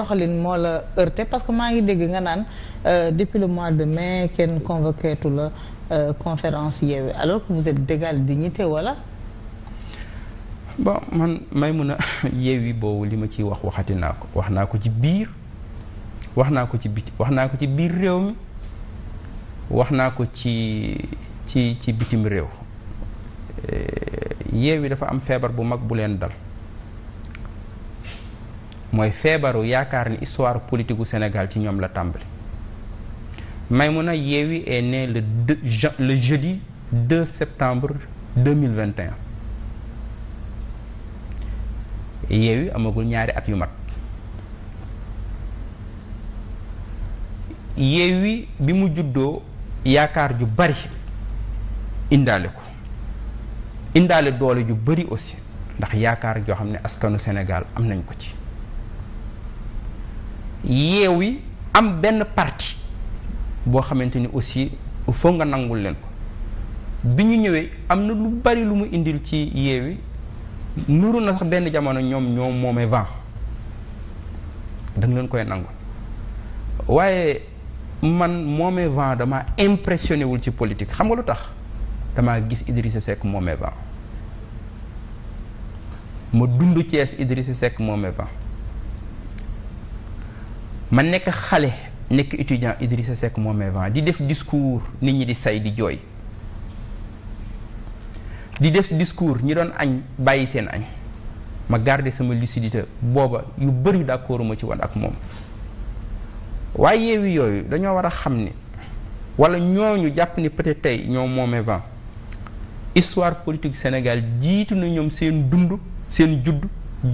doxalin moo la heurté parce que maa ngi dégg nga naan euh, depuis le mois de mai kenn convoqué tu la euh, conférence Yewwi alors que vous êtes d'égale dignité wala. bon man may mun a yi boobu li ma ciy wax waxati naa ko wax naa ko ci biir wax naa ko ci biti wax naa ko ci biir réew mi wax naa ko ci ci ci bitim réew euh, Yewwi dafa am feebar bu mag bu leen dal. mooy feebaru yaakaar ni histoire politique gu Sénégal ci ñoom la tàmbali. Maïmouna Yewwi est née le deux le jeudi 2 septembre 2021 Yewwi amagul ñaari at yu mag Yewwi bi mu juddoo yaakaar ju bari indaale ko indaale doole ju bari aussi ndax yaakaar joo xam ne askanu Sénégal am nañ ko ci. yi am benn parti boo xamante ni aussi foo nga nangul leen ko bi ñu ñëwee am na lu bari lu mu indil ci yi nuru na sax benn jamono ñoom ñoom moomee vent da leen koy nangu waaye man moomee vent dama impressionné wul ci politique xam nga lu tax damaa gis Idrissa Seck moomee vent ma dund Thiès Idrissa Seck moomee vent man nekk xale nekk étudiant Idrissa Seck moomee vent di def discours nit ñi di say di jooy di def discours ñi doon añ bàyyi seen añ ma garder sama lucidité booba yu bëri d'accord ma ci woon ak moom waaye yeewi yooyu dañoo war a xam ne walla ñooñu jàpp ni peut-être tey ñoom moomee vent histoire politique Sénégal jiitu na ñoom seen dund seen judd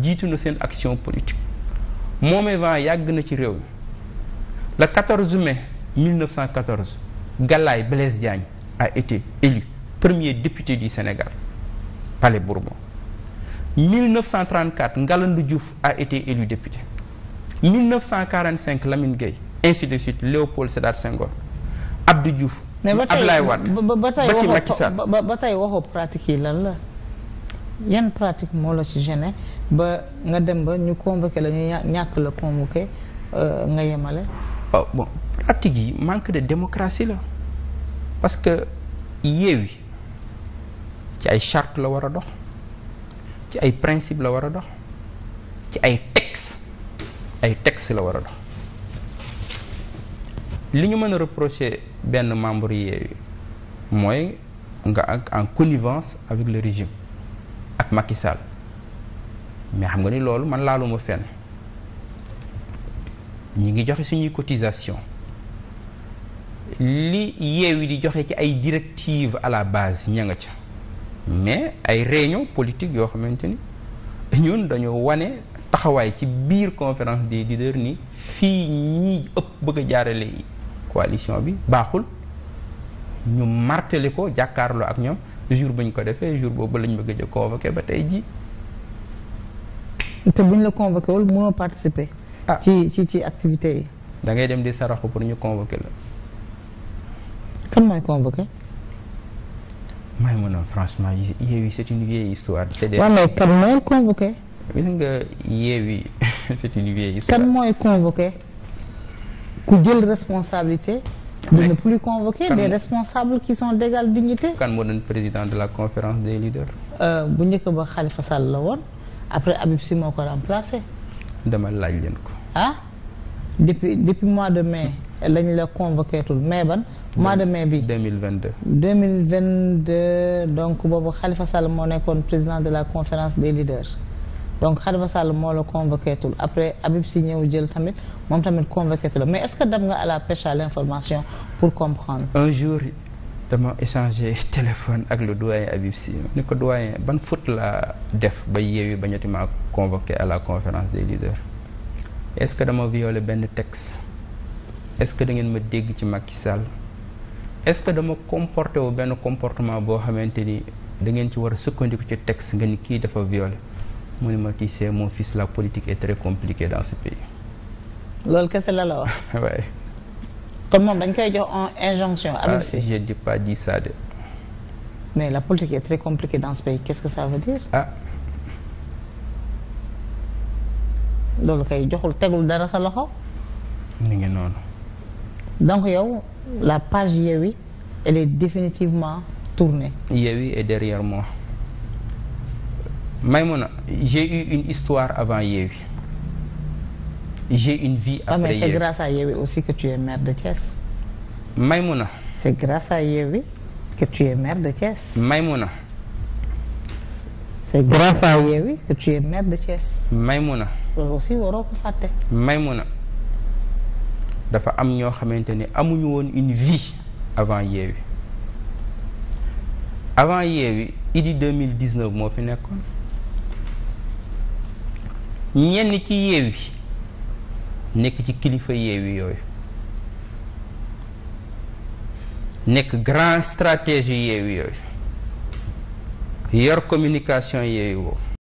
jiitu na seen action politique Moomevent yàgg na ci réew mi le 14 mai 1914 Galaye Blaise Diagne a été élu premier député du Sénégal Palais Bourbon 1934 Ngalandou a été élu député 1945 Lamine Gueye ainsi de suite Léopold Sédar Senghor Abdou Diouf Abdoulaye Wade ba ci Macky Sall ba tey waxoo pratique yi lan la yan pratique moo la ci gêné ba nga dem ba ñu convoqué la ñu ñàkk la convoqué euh, nga yemale. waaw oh, bon pratique yi manque de démocratie la parce que yi ci ay charte la war a dox ci ay principe la war a dox ci ay texte ay texte la war a dox li ñu mën a reprocher benn membre Yewwi mooy nga ak en connivence avec le régime makisal mais xam nga ni loolu man laaluma fen ñi ngi joxe suñuy cotisation li yi di joxe ci ay directives à la base ña nga ca mais ay réunion politique yoo xamante ni ñun dañoo wane taxawaay ci biir conférence des leaders ni fii ñi ëpp bëgg a jaarale coalition bi baaxul ñu martelé ko jàkkaarloo ak ñoom jour bu ñu ko defee jour boobu lañu bëgg gëj a convoqué ba tey ji te buñ la convoqué wul mënoo participer. ah ci ci ci activité yi. da ngay dem di saraxu pour ñu convoqué la. kan mooy convoqué. may mën a franchement Yewwi c'est une vieille histoire. c'est des waaw mooy convoqué. nga Yewwi c'est une vieille histoire. mooy convoqué ku jël responsabilité. de ne plus convoquer des responsables qui sont d'égale dignité. kan moo doon président de la conférence des euh, bu njëkk ba xalifa Sall la woon après Habib Sy moo ko remplacé. dama laaj leen ko. ah depuis depuis mois de mai lañ la convoqué tul mai ban. mois de mai bi 2022. 2022 donc boobu Khalifa Sall moo nekkoon président de la conférence des leaders. donc Khalifa Sall moo la convoqué tul après Habib Sy ñëw jël tamit moom tamit convoqué tul mais est-ce que dem nga à la pêche à pour comprendre. un jour dama échangé téléphone ak le doyen Habib Sy ni ko doyen ban faute la def ba yeewi ba ñetti maa convoqué à la conférence des leaders est-ce que dama violé benn texte est-ce que da ngeen ma dégg ci Macky Sall est-ce que dama comporté wu benn comportement boo xamante ni da ngeen ci war a sukkandiku ci texte nga ni kii dafa violé. mu ne ma tu sais mon fils la politique est très compliquée dans ce pays. loolu kese la la wax. waaye. kon moom dañ koy jox en injonction. Ah, Habib Sy je n'ai pas dit ça de. mais la politique est très compliquée dans ce pays qu'est-ce que ça veut dire. ah. loolu kay joxul tegul dara sa loxo. ni ngi noonu. donc yow la page Yewwi elle est définitivement tournée. Yewwi est derrière moi. may Maïmouna j'ai eu une histoire avant Yewwi j'ai une vie ah, après Yewwi. ah aussi que tu maire de Thiès. may c'est grâce à Yewwi que tu es maire de Thiès. Maïmouna. c'est grâce à Yewwi que tu de Thiès. Maïmouna. loolu aussi waroo ko fàtte. dafa am ñoo xamante ni amuñu woon une vie avant Yewwi avant Yewwi Idy 2019 moo fi nekkoon. ñenn ci Yewwi nekk ci kilifa Yewwi yooyu nekk grand stratégie Yewwi yooyu yor communication Yewwi woo